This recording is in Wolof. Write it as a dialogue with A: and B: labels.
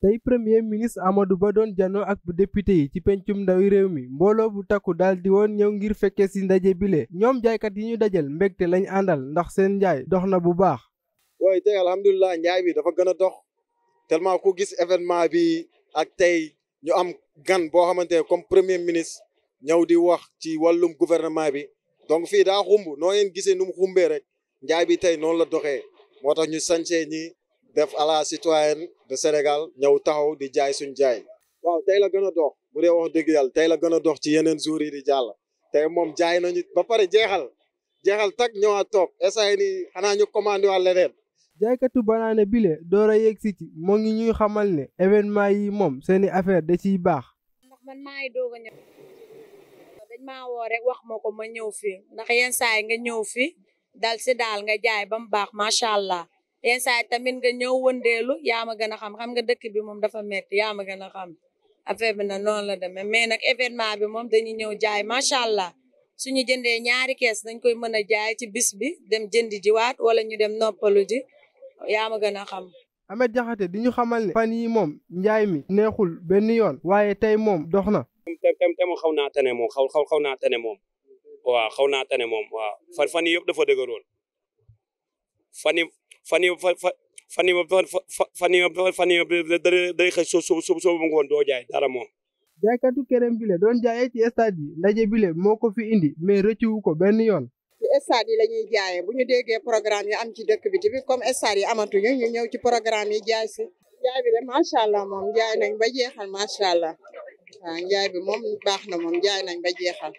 A: tey premier ministre Amadou Ba doon janoo ak député yi ci pencum ndawi réew mi mbooloo bu takku daal di woon ñëw ngir fekkee si ndaje bile ñoom jaaykat yi ñu dajal mbégte lañu àndal ndax seen njaay dox na bu baax.
B: waaye tey alhamdulilah njaay bi dafa gën a dox tellement ku gis événement bi ak tey ñu am gan boo xamante ne comme premier ministre ñëw di wax ci wàllum gouvernement bi donc fii daa xumb noo leen gise nu mu xumbee rek njaay bi tey noonu la doxee moo tax ñu sañsee ñi def à la citoyenne de Sénégal ñëw taxaw di jaay suñ jaay waaw tey la gën a dox bu dee wax dëgg yàlla tey la gën a dox ci yeneen jours di jàll tey moom jaay nañu ba pare jeexal jeexal tak ñëwaat toog essayé ni xanaa ñu commandé waa leneen
A: jaaykatu banaana bile door a yegg si moo ngi ñuy xamal ne événement yi moom seeni affaire da ciy baax
C: maa woo rek wax ma ko ma ñëw fii ndax yenn saa yi nga ñëw fii dal si daal nga jaay ba mu baax macha allah yenn saa tamit nga ñëw wëndeelu yaa ma gën a xam xam nga dëkk bi moom dafa metti yaa ma a xam affaire bi nag noonu la demee mais nag événement bi moom dañuy ñëw jaay macha allah suñu jëndee ñaari kees dañ koy mën a jaay ci bis bi dem jëndi jiwaat wala ñu dem noppalu ji yaa ma gën a xam.
A: Amet Jaxate di xamal ne fan yi moom njaay mi neexul benn yoon waaye tey moom dox na.
C: te te xaw naa tane moom xaw xaw xaw naa tane moom waaw xaw naa tane moom waaw fan fan yii yëpp dafa dëgëroon fan yii fan yii
B: fa fa fan yii fan yii fan yii day xëy soo soo soo soo ngoon doo jaay dara moom.
A: jaaykatu këram bile doon jaayee ci stade yi ndaje bile moo ko fi indi mais rëccu wu ko benn yoon.
C: ci stade yi la ñuy jaayee bu ñu déggee programme yi am ci dëkk bi tamit comme stade yi amatuñu ñu ci programme yi jaay si. jaay bi de allah moom jaay nañ ba jeexal macha allah. waaw njaay bi moom baax na moom njaay nañ ba jeexal.